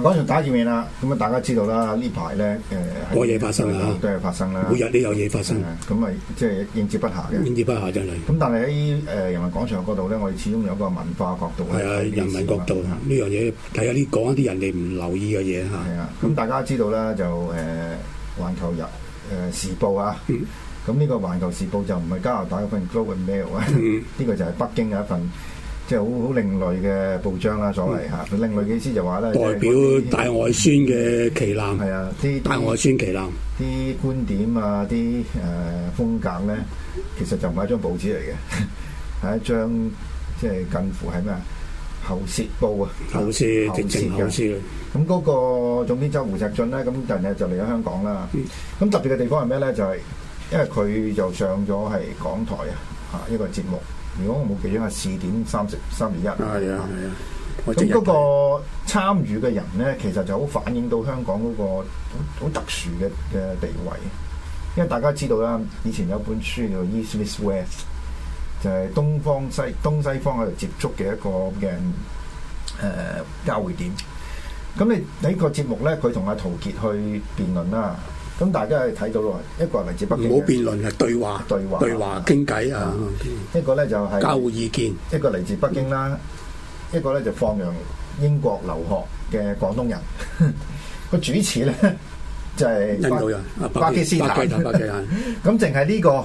嗰場、啊、打戰面啦，咁啊大家知道啦，呢排咧誒好多嘢發生啊，都係發生啦，每日都有嘢發生啊，咁啊即係應接不暇嘅，應接不暇真係。咁但係喺誒人民廣場嗰度咧，我哋始終有個文化角度啊，的的人民角度呢樣嘢，睇下啲講一啲人哋唔留意嘅嘢嚇。咁大家知道啦，就誒、呃《環球日誒、呃、時報》啊，咁呢、嗯、個《環球時報》就唔係加拿大一份《Globe and Mail、嗯》，呢 個就係北京嘅一份。即係好好另類嘅報章啦，所謂嚇，另類嘅意思就話咧，代表大外宣嘅旗艦。係啊，啲大外宣旗艦啲觀點啊，啲誒風格咧，其實就唔係一張報紙嚟嘅，係一張即係近乎係咩啊？喉舌報啊，喉舌，喉舌嘅。咁嗰個總編輯胡錫進咧，咁近日就嚟咗香港啦。咁特別嘅地方係咩咧？就係因為佢就上咗係港台啊，嚇一個節目。如果我冇記錯，係四點 30,，三十三二一。係啊係啊，咁、啊、嗰、啊、個參與嘅人咧，其實就好反映到香港嗰個好特殊嘅嘅地位。因為大家知道啦，以前有本書叫《East Miss West》，就係、是、東方西東西方喺度接觸嘅一個嘅誒交匯點。咁你呢個節目咧，佢同阿陶傑去辯論啦。咁大家可以睇到咯，一個嚟自，就是、自北京，唔好辯論，係對話，對話，對話，傾偈啊！一個咧就係交互意見，一個嚟自北京啦，一個咧就放洋英國留學嘅廣東人。個 主持咧就係、是、印度人，巴基斯坦，巴基。咁淨係呢個。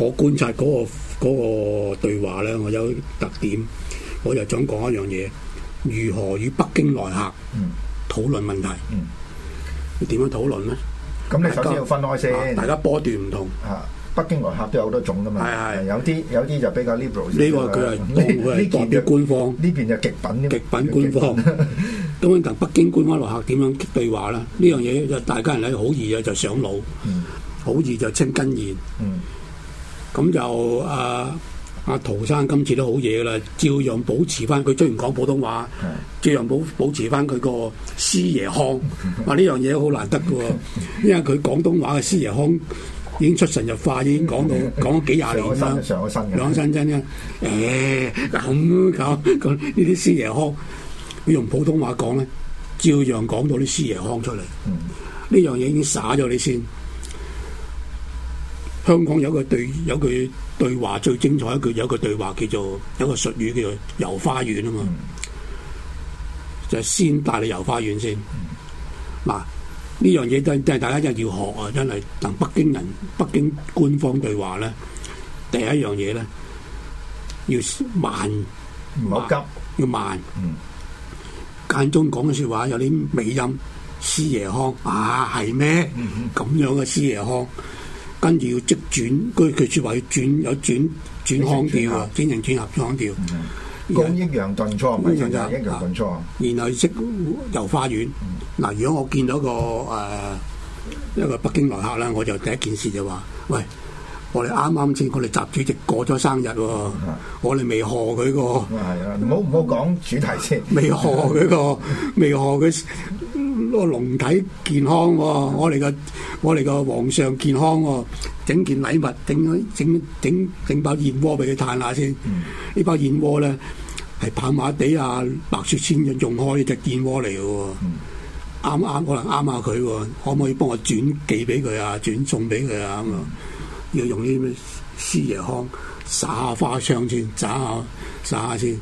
我觀察嗰個嗰個對話咧，我有特點，我就想講一樣嘢：如何與北京來客討論問題？要點樣討論咧？咁你首先要分開先，大家波段唔同啊。北京來客都有好多種噶嘛，有啲有啲就比較 liberal，呢個佢係佢係代表官方，呢邊就極品極品官方。咁啊，北京官方來客點樣對話咧？呢樣嘢就大家人咧好易嘅就上腦，好易就清根現。咁就阿阿、啊啊、陶生今次都好嘢啦，照樣保持翻佢雖然講普通話，照樣保保持翻佢個師爺腔。啊，呢樣嘢好難得嘅喎，因為佢廣東話嘅師爺腔已經出神入化，已經講到講咗幾廿年啦。身身兩生真嘅，誒咁咁咁呢啲師爺腔，你用普通話講咧，照樣講到啲師爺腔出嚟。呢、嗯、樣嘢已經灑咗你先。香港有一句對，有句對話最精彩一句，有一句對話叫做，有一個術語叫做遊花園啊嘛，嗯、就係先帶你遊花園先。嗱呢、嗯、樣嘢都都係大家真係要學啊！真係同北京人北京官方對話咧，第一樣嘢咧要慢，唔好急，要慢。間中講嘅説話有啲尾音師爺腔啊係咩？咁樣嘅師爺腔。啊跟住要即轉，佢佢説話要轉，有轉轉腔調啊，轉成轉合腔調。嗯，剛抑揚頓挫咪就係抑揚頓挫。然後識遊花園。嗱，如果我見到個誒、呃、一個北京來客啦，我就第一件事就話、是，喂，我哋啱啱先，我哋習主席過咗生日喎，嗯、我哋未賀佢個。咁、嗯、啊唔好唔好講主題先。未賀佢個，未賀佢。嗯個龍體健康、哦嗯我，我哋個我哋個皇上健康、哦，整件禮物整整整整包燕窩俾佢嘆下先。呢、嗯、包燕窩咧係跑馬地啊白雪仙用開隻燕窩嚟嘅，啱啱可能啱下佢、哦，可唔可以幫我轉寄俾佢啊？轉送俾佢啊！嗯嗯、要用啲咩師爺腔灑下花香先，執下灑下先，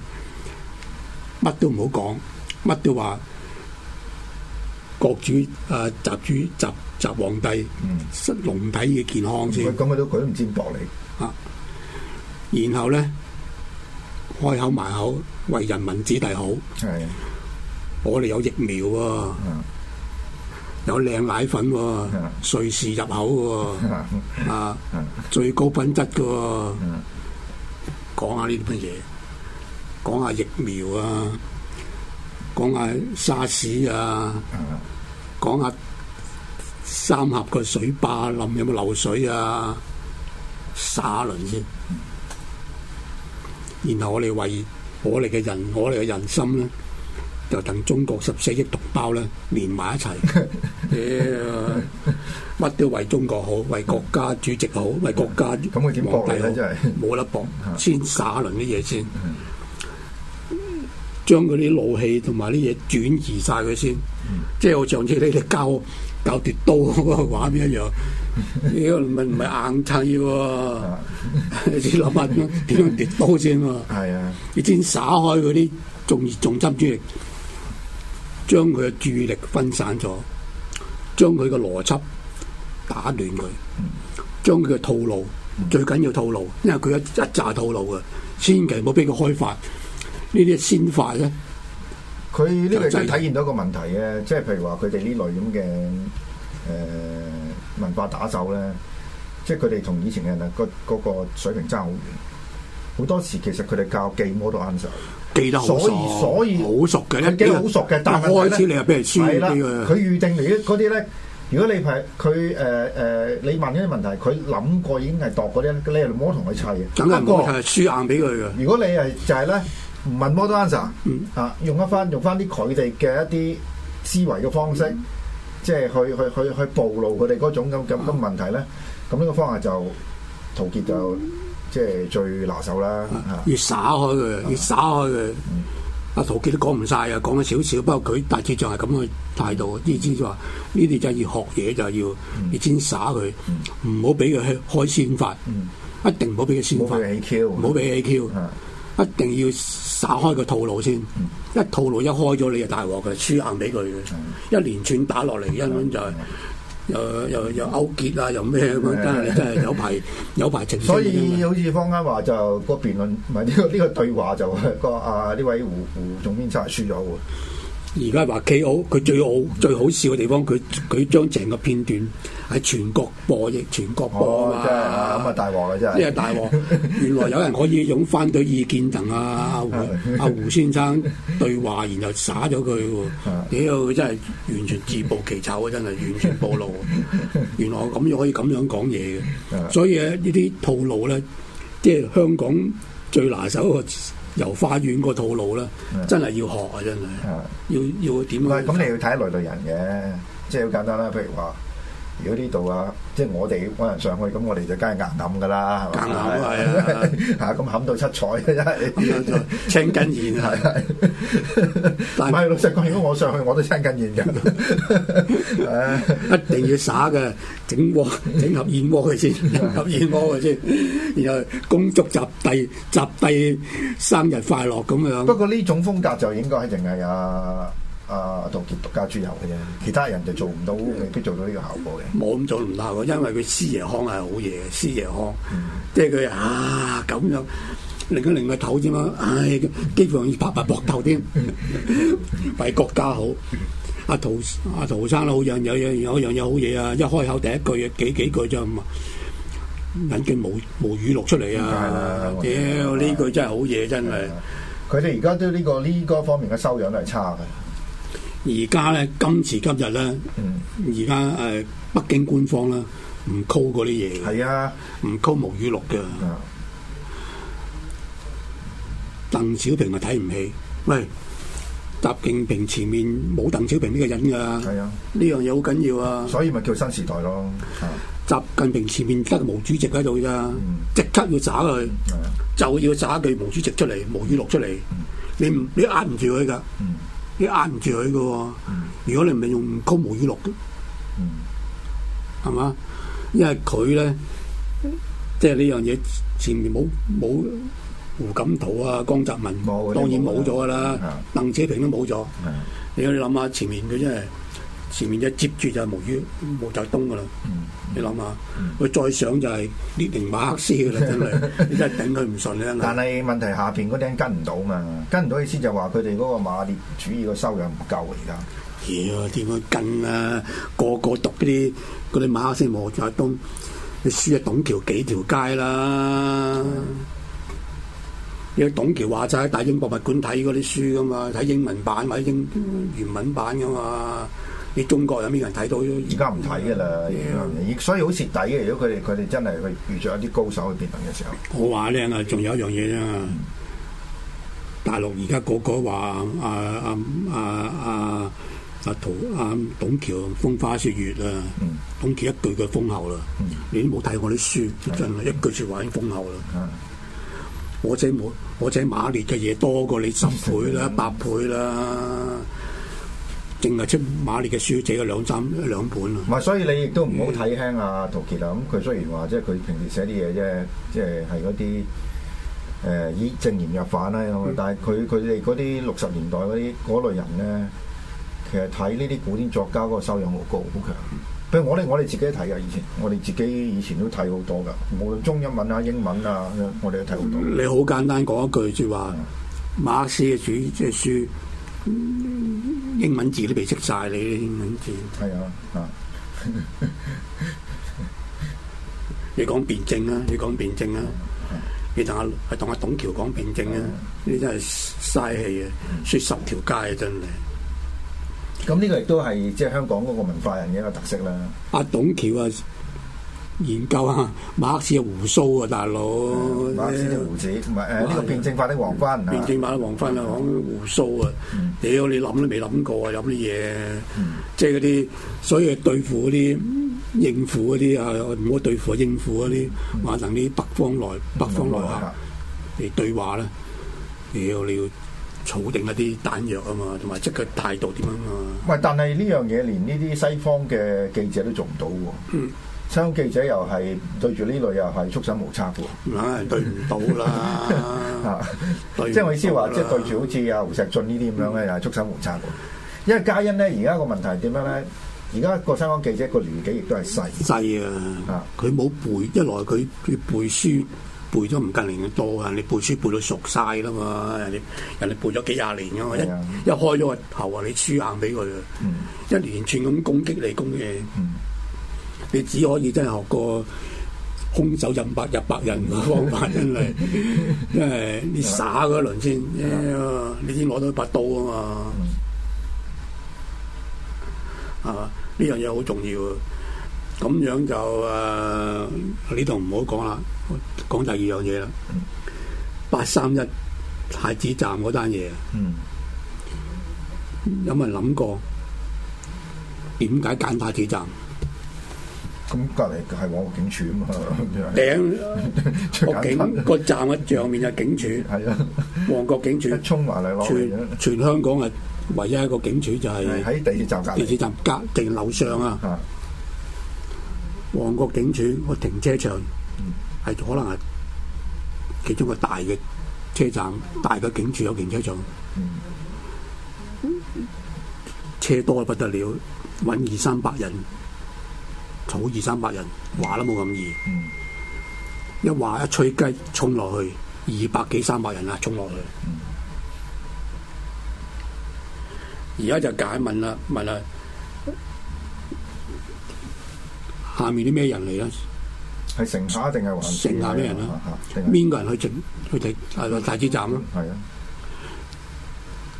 乜都唔好講，乜都話。國主、誒、啊、習主、習習皇帝，嗯、失龍體嘅健康先，講佢、嗯嗯、都佢唔占駁你啊！然後咧，開口埋口為人民子弟好，係的我哋有疫苗，啊，的有靚奶粉、啊，的瑞士入口，啊，最高品質嘅、啊，講下呢啲乜嘢，講下疫苗啊！講下沙士啊，講下三峽個水壩冧有冇漏水啊，耍一輪先，然後我哋為我哋嘅人，我哋嘅人心咧，就等中國十四億同胞咧連埋一齊，乜、 yeah，都為中國好，為國家主席好，為國家皇帝好，真係冇得搏，先耍一輪啲嘢先。嗯嗯將嗰啲怒氣同埋啲嘢轉移晒佢先，即係我上次你哋教教跌刀嗰個畫面一樣，你個唔係唔係硬砌喎、啊， 你諗下點樣跌刀先喎？啊，你、啊、先灑開嗰啲，仲仲執力，將佢嘅注意力分散咗，將佢嘅邏輯打亂佢，將佢嘅套路，嗯、最緊要套路，因為佢一一揸套路嘅，千祈唔好俾佢開發。呢啲先法咧，佢呢個就體現到一個問題嘅，就就是、即係譬如話佢哋呢類咁嘅誒文化打手咧，即係佢哋同以前嘅人個嗰個水平爭好遠，好多時其實佢哋教技摸都啱，手，記得好熟，所以所以，熟所以好熟嘅一啲好熟嘅，為但係開始你又俾人輸硬俾佢，佢預定嚟啲嗰啲咧，如果你係佢誒誒，你問嗰啲問題，佢諗過已經係度嗰啲咧嚟摸同佢砌嘅，梗係唔會輸硬俾佢噶。是是如果你係就係、是、咧。唔問 model answer 啊，用一翻用翻啲佢哋嘅一啲思維嘅方式，嗯、即係去去去去暴露佢哋嗰種咁咁咁問題咧，咁呢個方法就陶傑就即係最拿手啦。越、啊、耍開佢，越耍開佢。阿、啊啊、陶傑都講唔晒啊，講咗少少。不過佢大致就係咁嘅態度。啲意思就話：呢啲就係要學嘢，就要要先耍佢，唔好俾佢去開先發，嗯、一定唔好俾佢先發。唔好俾 A Q，唔好俾 A Q，一定要、嗯。嗯撒開個套路先，一套路一開咗，你就大鑊嘅，輸硬俾佢嘅。一連串打落嚟，一輪就係、是、又又又勾結啊，又咩？真係真係有排 有排情。所以好似方家華就個辯論唔係呢個呢、呢個對話就個 啊呢位胡胡總編輯係輸咗喎。而家話 KO 佢最好最好笑嘅地方，佢佢將成個片段喺全國播，亦全國播啊！真係咁啊大鑊㗎真係！呢個大鑊， 原來有人可以用翻對意見同阿阿胡先生對話，然後耍咗佢喎！屌，佢真係完全自暴其醜，啊！真係完全暴露。原來我咁樣可以咁樣講嘢嘅， 所以、啊、呢啲套路咧，即係香港最拿手嘅。由花園個套路咧，的真係要學啊！真係的要要點？咁你要睇內地人嘅，即係好簡單啦。譬如話。如果呢度啊，即係我哋可能上去，咁我哋就梗係硬冚噶啦，係嘛？硬冚係啊，嚇咁冚到七彩真就？ 青筋現係， 但係是老實講，如果我上去，我都青筋現人。唉 ，一定要耍嘅，整鍋整盒燕窩佢先，整盒燕窩佢先，然後恭祝習帝習帝生日快樂咁樣。不過呢種風格就應該係正嘅呀。啊，陶傑獨家豬油嘅啫，其他人就做唔到，未必做到呢個效果嘅。冇咁做唔得喎，因為佢師爺腔係好嘢，嘅。師爺腔，即係佢啊咁樣令佢零嘅頭啫嘛，唉，幾乎可以拍埋膊頭添，為國家好。阿陶阿陶生好樣有樣有樣有好嘢啊！一開口第一句嘅幾幾句啫嘛，引句無無語錄出嚟啊！屌呢句真係好嘢，真係。佢哋而家都呢個呢個方面嘅修養都係差嘅。而家咧今時今日咧，而家誒，北京官方啦，唔 call 嗰啲嘢係啊，唔 call 毛語錄嘅。鄧小平咪睇唔起，喂，習近平前面冇鄧小平呢個人噶，係啊，呢樣嘢好緊要啊，所以咪叫新時代咯。習近平前面得毛主席喺度咋，即刻要渣佢，就要渣佢毛主席出嚟，毛語錄出嚟，你唔你壓唔住佢噶。你壓唔住佢嘅喎，嗯、如果你唔係用高模語錄嘅，係嘛、嗯？因為佢咧，即係呢樣嘢前面冇冇胡錦濤啊，江澤民當然冇咗啦，了鄧小平都冇咗，嗯、你諗下前面佢真係。前面一接住就無於毛澤東噶啦、嗯，你諗下，佢再上就係列寧馬克思噶啦，真係 你真係頂佢唔順。但係問題下邊嗰啲人跟唔到嘛，跟唔到意思就話佢哋嗰個馬列主義嘅修養唔夠而家、嗯。妖點樣跟啊？個個讀啲嗰啲馬克思毛澤東啲書啊，你輸董橋幾條街啦。因為、嗯、董橋話齋喺大英博物館睇嗰啲書噶嘛，睇英文版或者英原文版噶嘛。你中國有咩人睇到？而家唔睇噶啦，所以好蝕底嘅。如果佢哋佢哋真係佢遇着一啲高手去辯論嘅時候，我話咧啊，仲有一樣嘢、嗯、啊，大陸而家個個話啊啊啊啊啊陶啊董橋風花雪月啊，嗯、董橋一句嘅封喉啦，嗯、你都冇睇過啲書，真係一句説話已經封喉啦。我即係冇，我即係馬列嘅嘢多過你十倍啦，百、嗯、倍啦。淨係出馬列嘅書寫咗兩三兩本啊！唔係、嗯，所以你亦都唔好睇輕啊陶、嗯、傑啊！咁佢雖然話即係佢平時寫啲嘢啫，即係係嗰啲誒以正言入反啦咁，但係佢佢哋嗰啲六十年代嗰啲嗰類人咧，其實睇呢啲古典作家嗰個修養好高好強。譬如我哋我哋自己睇啊！以前我哋自己以前都睇好多噶，無論中英文啊英文啊，我哋都睇好多、嗯。你好簡單講一句説話，馬克思嘅書即係書。嗯嗯英文字都被識晒，你啲英文字。係啊，啊！你講辯證啊， 你講辯證啊，你同阿係同阿董橋講辯證啊，你真係嘥氣啊，説 十條街啊，真係。咁呢 個亦都係即係香港嗰個文化人嘅一個特色啦。阿董橋啊！研究啊，馬克思嘅胡鬚啊，大佬。馬克思啲胡子同埋誒呢個辯證法的黃昏，辯證法的黃昏啊，鬍鬚啊，屌你諗都未諗過啊，有啲嘢，即係嗰啲，所以對付嗰啲應付嗰啲啊，唔好對付啊應付嗰啲，話能啲北方來北方來客嚟對話啦，屌你要儲定一啲彈藥啊嘛，同埋即係態度點啊嘛。喂，但係呢樣嘢連呢啲西方嘅記者都做唔到喎。香港記者又係對住呢類又係束手無策嘅喎，唉，對唔到啦啊！即係我意思話， 即係對住好似阿胡錫進呢啲咁樣咧，又係束手無策嘅。因為嘉欣咧，而家個問題點樣咧？而家個香港記者個年紀亦都係細細啊！啊，佢冇背一來佢背書，背咗唔近年嘅多啊！你背書背到熟晒啦嘛，人哋人哋背咗幾廿年嘅嘛的，一一開咗頭啊，你輸硬俾佢啊！嗯、一連串咁攻擊你攻擊你。嗯你只可以真係學個空手入白入白人嘅方法， 真係，因為你耍嗰一輪先， 哎、你先攞到一把刀啊嘛，係嘛？呢樣嘢好重要，咁樣就誒，呢度唔好講啦，講第二樣嘢啦。八三一太子站嗰單嘢， 有冇人諗過點解揀太子站？咁隔籬係旺角警署啊嘛，頂個警個站嘅上面就警署，係啊，旺角警署， 全全香港啊唯一一個警署就係喺地鐵站，站隔地鐵站隔層樓上啊，旺角 警署個停車場係可能係其中個大嘅車站，大嘅警署有停車場， 車多不得了，搵二三百人。坐好二三百人，話都冇咁易。嗯、一話一吹雞，衝落去二百幾三百人啊！衝落去。而家、嗯、就解問啦，問啊，下面啲咩人嚟咧？係乘客定係乘客？咩人啊？邊個、啊、人去整？去整？係咪大支站咧？係啊，嗯、啊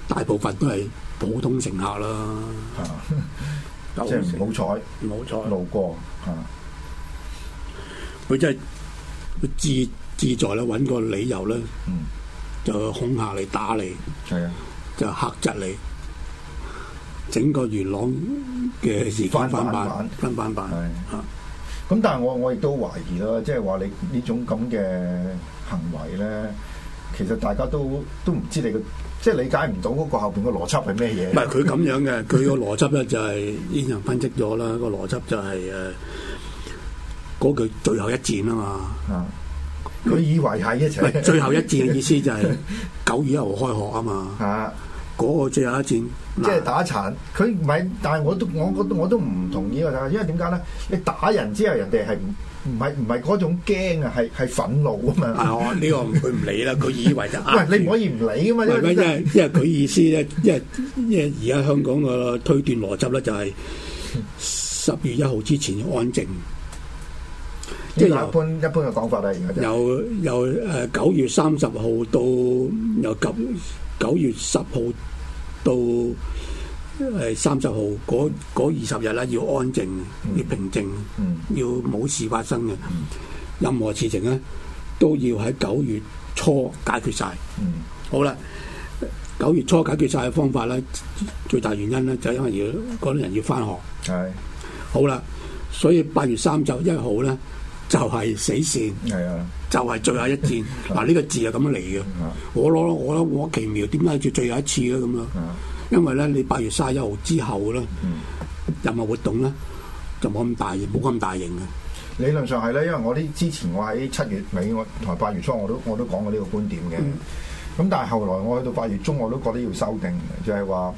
大部分都係普通乘客啦、啊。啊 即係唔好彩，唔好彩，路過吓，佢真係自自在啦，揾個理由啦，嗯，就恐嚇嚟打你，係啊、嗯，就黑窒你，的整個元朗嘅時間翻版，翻版版，係啊，咁但係我我亦都懷疑啦，即係話你呢種咁嘅行為咧，其實大家都都唔知你個。即係理解唔到嗰個後邊嘅邏輯係咩嘢？唔係佢咁樣嘅，佢個邏輯咧就係已經分析咗啦。個邏輯就係、是、誒，嗰句最後一戰啊嘛。佢、啊、以為係一齊。就是、最後一戰嘅意思就係、是、九 月一號開學啊嘛。啊！嗰個最後一戰，即係打殘佢唔係，但係我都我我我都唔同意啊！因為點解咧？你打人之後人，人哋係唔？唔係唔係嗰種驚啊，係係憤怒啊嘛。啊，呢個佢唔理啦，佢以為就啱。唔係，你唔可以唔理噶嘛。係咪？因為因為佢意思咧，因為因為而家香港個推斷邏輯咧就係十月一號之前安靜。即係一般一般嘅講法啦，而家。由由誒九月三十號到由九月十號到。誒三十號嗰二十日咧要安靜，要平靜，嗯、要冇事發生嘅，任何事情咧都要喺九月初解決晒。嗯、好啦，九月初解決晒嘅方法咧，最大原因咧就係因為要嗰啲人要翻學。係、哎、好啦，所以八月三十一號咧就係、是、死線，哎、呀就係最後一戰。嗱呢 個字係咁樣嚟嘅。我攞我我奇妙點解要最後一次啊咁樣？嗯因為咧，你八月三十一號之後咧，嗯、任何活動咧就冇咁大，冇咁大型嘅。嗯、型理論上係咧，因為我啲之前話喺七月尾，我同埋八月初我都我都講過呢個觀點嘅。咁、嗯、但係後來我去到八月中，我都覺得要修訂嘅，就係、是、話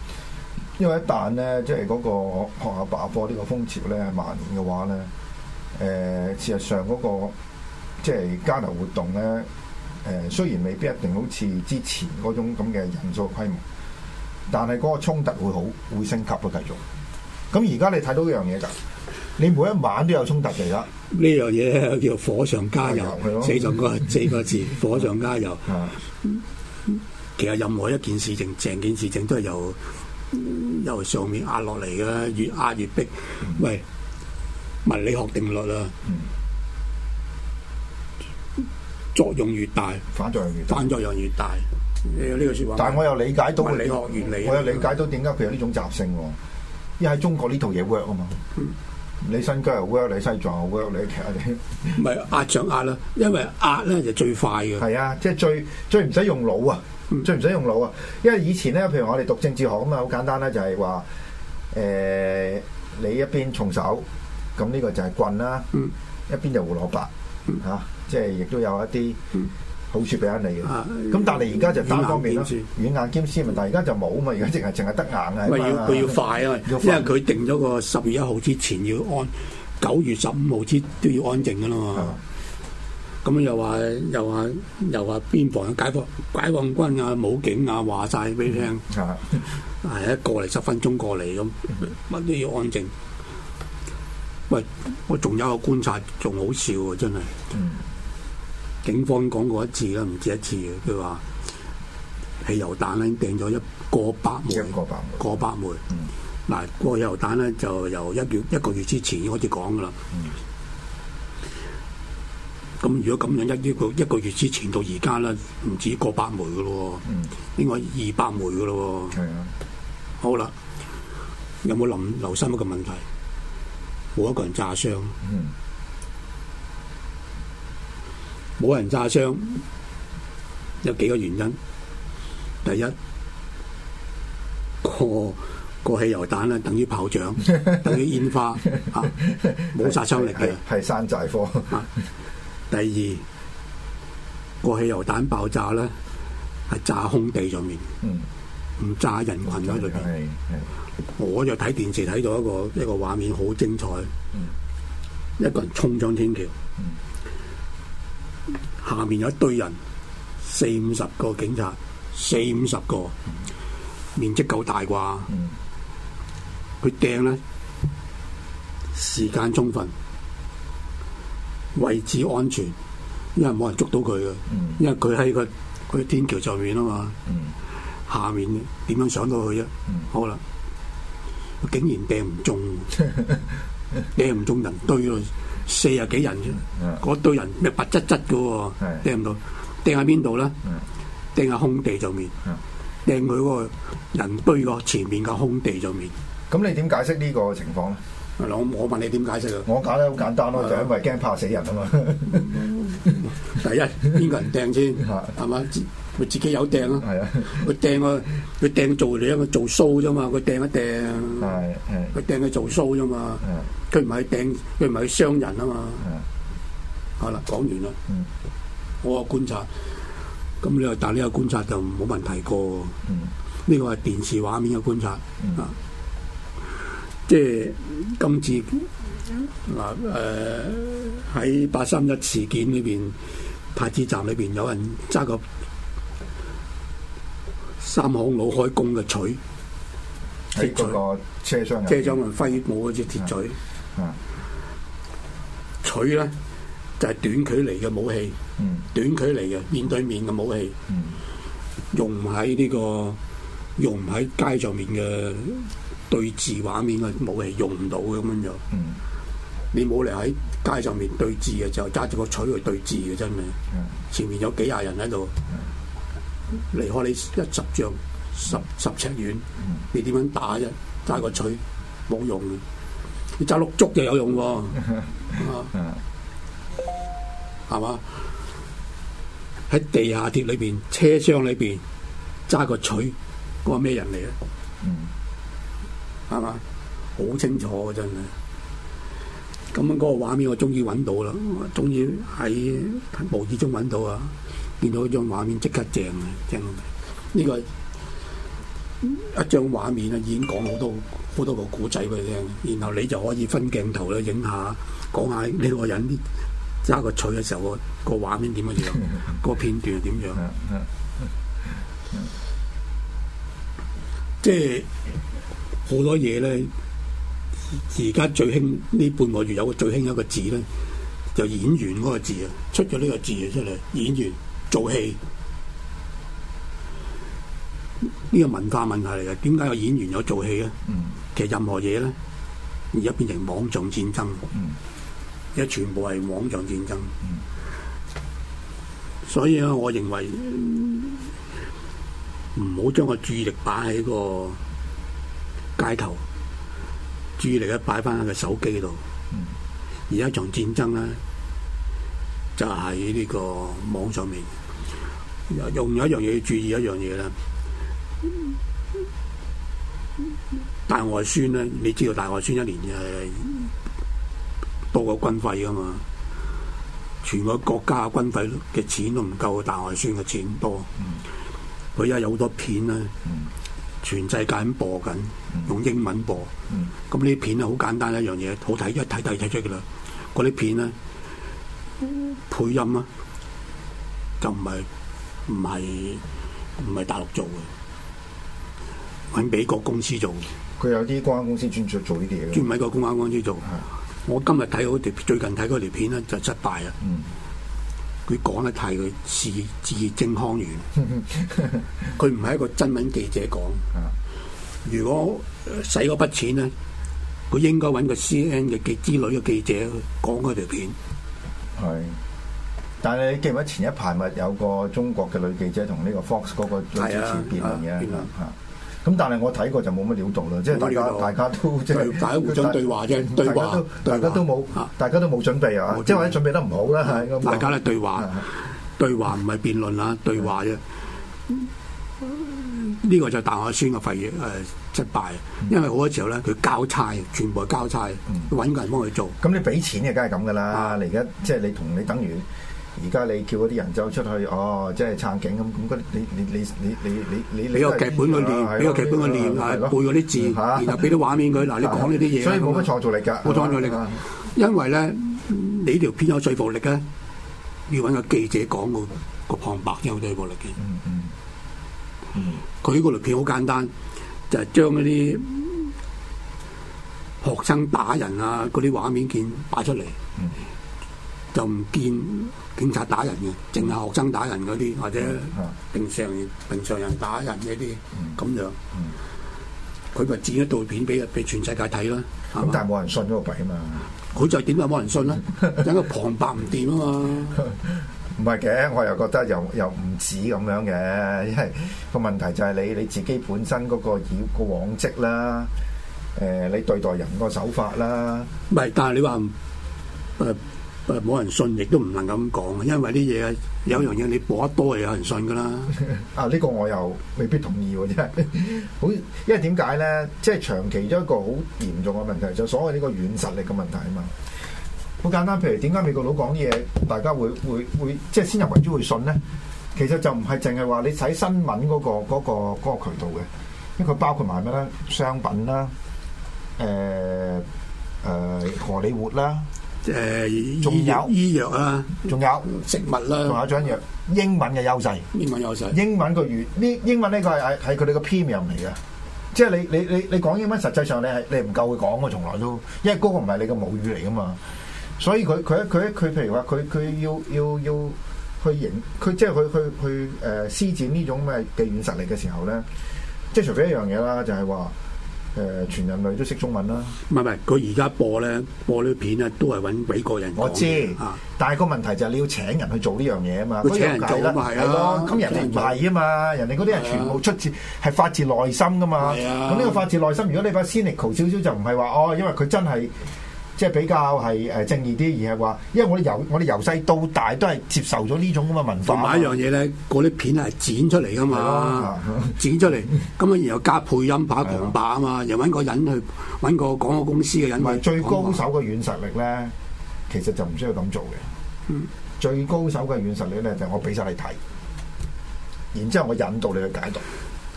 因為一旦咧，即係嗰個學校罷課呢個風潮咧蔓延嘅話咧，誒、呃、事實上嗰、那個即係交流活動咧，誒、呃、雖然未必一定好似之前嗰種咁嘅人數規模。但係嗰個衝突會好，會升級咯，繼續。咁而家你睇到一樣嘢㗎，你每一晚都有衝突嚟㗎。呢樣嘢叫火上加油，四個四個字， 火上加油。的其實任何一件事情，成件事情都係由由上面壓落嚟嘅，越壓越逼。嗯、喂，物理學定律啊，嗯、作用越大，反作用越反作用越大。呢個說話，但係我又理解到理學原理，我又理解到點解佢有呢種習性、啊。因為喺中國呢套嘢 work 啊嘛，你新疆又 work，你西藏又 work，你其他啲唔係壓掌壓啦，因為壓咧就最快嘅。係啊，即係最最唔使用，用腦啊，最唔使用，用腦啊。因為以前咧，譬如我哋讀政治學咁啊，好簡單咧，就係話誒，你一邊重手，咁、這、呢個就係棍啦，一邊就胡蘿卜吓、啊，即係亦都有一啲。好處俾翻你嘅，咁但係而家就單方面咯，軟硬兼施。但係而家就冇啊嘛，而家淨係淨係得硬啊嘛。佢要，要快啊，分因為佢定咗個十月一號之前要安，九月十五號之都要安靜噶啦嘛。咁嗎又話又話又話邊防解放解放軍啊、武警啊話曬俾你聽，係一嗎、哎、過嚟十分鐘過嚟咁，乜都要安靜。喂，我仲有一個觀察，仲好笑啊，真係。嗯警方講過一次啦，唔止一次嘅，佢話汽油彈咧掟咗一個百枚，一百枚，個百枚。嗱，個汽、嗯、油彈咧就由一月一個月之前開始講噶啦。咁、嗯、如果咁樣一一個一個月之前到而家咧，唔止過百枚嘅咯，應該、嗯、二百枚嘅咯。係啊、嗯。好啦，有冇諗留心一個問題？冇一個人炸傷。嗯冇人炸傷，有幾個原因。第一，個個汽油彈咧等於炮仗，等於煙 花，冇殺傷力嘅。係山寨貨、 啊。第二，個汽油彈爆炸咧係炸空地上面，唔、嗯、炸人群喺裏邊。嗯嗯、我就睇電視睇到一個一個畫面好精彩，嗯嗯、一個人衝上天橋。下面有一堆人，四五十個警察，四五十個、嗯、面積夠大啩，佢掟咧時間充分，位置安全，因為冇人捉到佢嘅，嗯、因為佢喺個嗰天橋上面啊嘛，嗯、下面點樣上到去啫？嗯、好啦，佢竟然掟唔中，掟唔 中人堆咯。四十幾人啫，嗰堆、嗯、人咩白質質嘅喎，掟唔是到，掟喺邊度咧？掟喺是空地上面，掟佢嗰個人堆個前面嘅空地上面。咁你點解釋呢個情況咧？嗱，我問你點解釋啊？我搞得好簡單咯， 就因為驚怕，怕死人啊嘛。 第一，邊個人掟先係嘛？佢 自己有掟咯、啊。佢掟個，佢掟做你，因為做 show 啫嘛。佢掟一掟，佢掟佢做 show 啫嘛。佢唔係掟，佢唔係去傷人啊嘛。好啦，講完啦。我觀察，咁你話，但呢個觀察就冇問題過。呢個係電視畫面嘅觀察 啊，即係今次。嗱，誒、呃，喺八三一事件裏邊，太子站裏邊有人揸個三行佬開工嘅錘，鐵錘，車廂、啊，車廂咪揮舞隻鐵錘。錘咧就係、是、短距離嘅武器，嗯、短距離嘅面對面嘅武、嗯這個、武器，用唔喺呢個，用唔喺街上面嘅對峙畫面嘅武器用唔到嘅咁樣就，你冇嚟喺街上面對峙嘅時候，揸住個錘去對峙嘅真係。前面有幾廿人喺度，離開你一十丈十十尺遠，你點樣打啫？揸個錘冇用嘅，你揸碌竹就有用喎。係嘛？喺地下鐵裏邊，車廂裏邊揸個錘，嗰個咩人嚟咧？係嘛？ 好清楚嘅真係。咁樣嗰個畫面我終於揾到啦，終於喺無意中揾到啊！見到張正正正正、這個、一張畫面即刻正嘅，正嘅。呢個一張畫面啊，已經講好多好多個古仔俾你聽，然後你就可以分鏡頭咧影下，講下呢個人揸個錘嘅時候個、嗰個畫面點樣，嗰個片段點樣。 即係好多嘢咧。而家最興呢半個月有個最興一個字咧，就是、演員嗰個字啊，出咗呢個字出嚟。演員做戲呢、呢個文化問題嚟嘅，點解有演員有做戲咧？嗯、其實任何嘢咧，而家變成網上戰爭，而家、嗯、全部係網上戰爭。嗯、所以啊，我認為唔好將個注意力擺喺個街頭。注意力咧擺翻喺個手機度，嗯、而一場戰爭咧就喺、是、呢個網上面。用有一樣嘢要注意一，一樣嘢啦。嗯、大外宣咧，你知道大外宣一年係多過軍費㗎嘛？全個國家軍費嘅錢都唔夠大外宣嘅錢多。佢而家有好多片咧。嗯全世界咁播緊，用英文播，咁呢啲片咧好簡單一樣嘢，好睇一睇睇睇出㗎啦。嗰啲片咧，配音啦、啊，就唔係唔係唔係大陸做嘅，喺美國公司做。佢有啲公安公司專注做呢啲嘢咯，專喺個公安公司做。的我今日睇好條最近睇嗰條片咧，就失敗啦。嗯佢講得太佢字正腔圓，佢唔係一個新聞記者講。如果使嗰筆錢咧，佢應該揾個 C N 嘅記之類嘅記者講嗰條片。係，但係你記唔記得前一排咪有個中國嘅女記者同呢個 Fox 嗰個主持、啊、辯論嘅？咁但係我睇過就冇乜料到啦，即係大家大家都即係大家互相對話啫，大家都大家都冇，大家都冇準備啊，即係或者準備得唔好啦，大家咧對話，對話唔係辯論啦，對話啫。呢個就大學孫嘅廢嘢即失敗，因為好多時候咧佢交差，全部係交差，揾個人幫佢做。咁你俾錢嘅梗係咁噶啦，你而家即係你同你等於。而家你叫嗰啲人走出去，哦，即係撐警咁咁你你你你你你你你個劇本裏面，個劇本裏面，係背嗰啲字，然後俾啲畫面佢。嗱，你講呢啲嘢，所以冇乜創造力㗎。冇創造力，因為咧，你條片有說服力咧，要揾個記者講個旁白有對話力嘅。佢呢個條片好簡單，就係將啲學生打人啊嗰啲畫面片擺出嚟。就唔見警察打人嘅，淨係學生打人嗰啲，或者平常平常人打人嗰啲，咁樣，佢咪剪咗道片俾俾全世界睇囉。但係冇人信嗰個鬼啊嘛。佢就點解冇人信咧？因為旁白唔掂啊嘛。唔係嘅，我又覺得又又唔止咁樣嘅，因為個問題就係你你自己本身嗰個以個往績啦，誒你對待人個手法啦。唔係，但係你話誒。冇人信，亦都唔能咁講，因為啲嘢有樣嘢你播得多，係有人信噶啦。 啊，呢個我又未必同意，真係好，因為點解咧？即係長期咗一個好嚴重嘅問題，就所謂呢個軟實力嘅問題啊嘛。好簡單，譬如點解美國佬講啲嘢，大家會會會即係先入為主會信咧？其實就唔係淨係話你睇新聞嗰個嗰個嗰個渠道嘅，因為佢包括埋咩咧？商品啦，誒、呃、誒、呃呃，荷里活啦。誒，仲有醫,醫藥啦、啊，仲有食物啦、啊，仲有仲有一樣英文嘅優勢。英文優勢，英文個語呢？英文呢個係係佢哋嘅 premium 嚟嘅，即係你你你你講英文，實際上你係你唔夠佢講嘅，從來都，因為嗰個唔係你嘅母語嚟噶嘛，所以佢佢佢佢譬如話佢佢要要要去影，佢即係佢佢佢誒施展呢種咁嘅軟實力嘅時候咧，即係除非一樣嘢啦，就係話。誒、呃、全人類都識中文啦，唔係唔係，佢而家播咧，播啲片咧都係揾美國人講嘅。我知，啊、但係個問題就係你要請人去做呢樣嘢啊嘛，佢請人做啦，係咯，咁人哋唔係啊嘛，啊人哋嗰啲人，人全部出自係、啊、發自內心噶嘛。咁呢、啊、個發自內心，如果你把 cynical 少少，就唔係話哦，因為佢真係。即係比較係誒正義啲，而係話，因為我哋由我哋由細到大都係接受咗呢種咁嘅文化。同埋一樣嘢咧，嗰啲片係剪出嚟㗎嘛，啊、剪出嚟，咁啊 然後加配音把強、啊、霸啊嘛，又揾個人去揾個廣告公司嘅人，唔係最高手嘅軟實力咧，其實就唔需要咁做嘅。嗯、最高手嘅軟實力咧，就係、我俾晒你睇，然之後我引導你去解讀。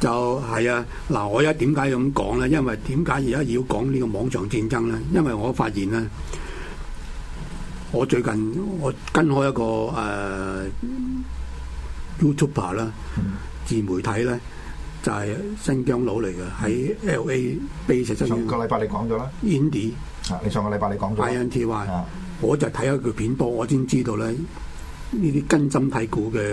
就係啊！嗱，我而家點解咁講咧？因為點解而家要講呢個網上戰爭咧？因為我發現咧，我最近我跟開一個誒 YouTube 啦，呃、YouTuber，自媒體咧就係、是、新疆佬嚟嘅，喺 LA、嗯、base 新疆。上個禮拜你講咗啦，Andy。你上個禮拜你講咗。I N T Y。啊、我就睇開佢片多，我先知道咧呢啲根深蒂固嘅。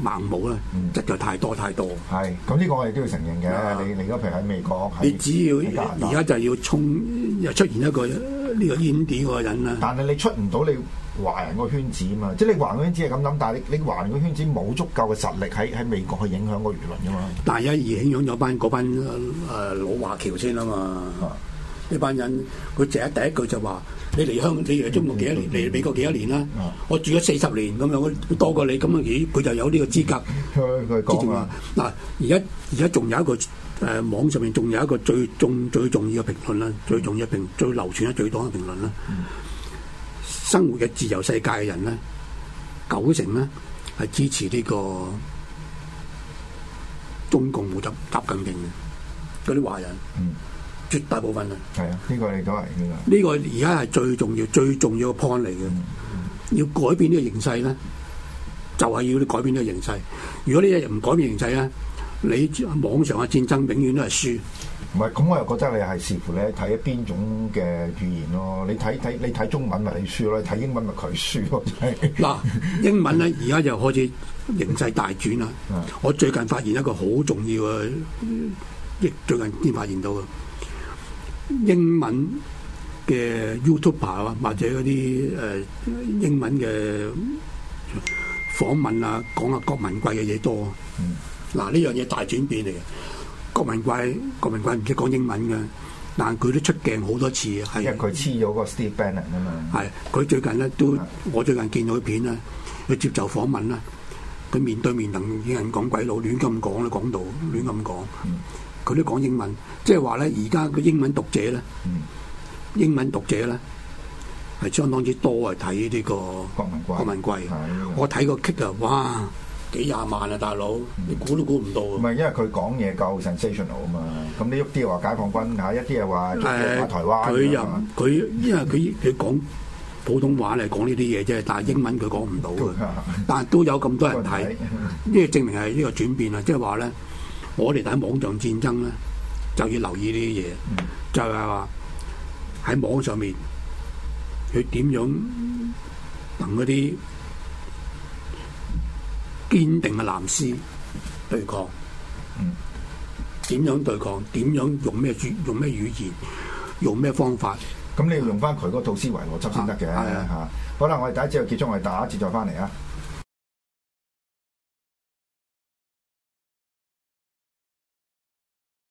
盲目啦，實在太多太多。係，咁呢個我哋都要承認嘅。啊、你你家譬如喺美國，你只要而家就要衝，又出現一個呢、呢個 Andy 個人啦、啊。但係你出唔到你華人個圈子啊嘛，即係你華人圈子係咁諗，但係你你華人個圈子冇足夠嘅實力喺喺美國去影響個輿論啊嘛。但係一而興起咗班嗰班誒、呃、老華僑先啊嘛。嗯一班人，佢第一第一句就話：你嚟香港，你嚟中國幾多年？嚟美國幾多年啦？啊、我住咗四十年咁樣，我多過你，咁啊？咦，佢就有呢個資格？佢講啊！嗱，而家而家仲有一個誒、呃、網上面仲有一個最重最重要嘅評論啦，最重要評最，最流傳得最多嘅評論啦。嗯、生活嘅自由世界嘅人咧，九成呢係支持呢、這個中共冇得搭緊勁嘅嗰啲華人。嗯絕大部分啦，係啊！呢、這個你都係呢個而家係最重要、最重要嘅 point 嚟嘅，嗯嗯、要改變呢個形勢咧，就係、是、要你改變呢個形勢。如果你一日唔改變形勢咧，你網上嘅戰爭永遠都係輸。唔係、嗯，咁我又覺得你係視乎你睇邊種嘅語言咯。你睇睇你睇中文咪你輸咯，睇英文咪佢輸咯。嗱、就是，英文咧而家又開始形勢大轉啦。嗯、是我最近發現一個好重要嘅，最近先發現到嘅。英文嘅 YouTuber 啊，或者嗰啲誒英文嘅訪問啊，講啊郭文貴嘅嘢多。嗱呢樣嘢大轉變嚟嘅。郭文貴，郭文貴唔識講英文嘅，但係佢都出鏡好多次啊。因為佢黐咗個 Steve Bannon 啊嘛。係，佢最近咧都，我最近見到啲片啦，佢接受訪問啦，佢面對面同人講鬼佬，亂咁講都，講到亂咁講。佢都講英文，即係話咧，而家嘅英文讀者咧，英文讀者咧係相當之多，係睇呢個郭文貴。郭文貴，我睇個 click 啊，哇，幾廿萬啊，大佬，Digital, 你估都估唔到啊！唔係，因為佢講嘢夠 sensational 啊嘛。咁呢一啲話解放軍啊，一啲又話誒，佢又佢，因為佢佢講普通話嚟講呢啲嘢啫，但係英文佢講唔到，但係都有咁多人睇，呢個證明係呢個轉變啊！即係話咧。就是我哋睇網上戰爭咧，就要留意呢啲嘢，嗯、就係話喺網上面佢點樣同嗰啲堅定嘅藍絲對抗？點、嗯、樣對抗？點樣用咩語用咩語言？用咩方法？咁你要用翻佢嗰套思維邏輯先得嘅嚇。好啦，我哋第一節又結束，我哋打一節再翻嚟啊！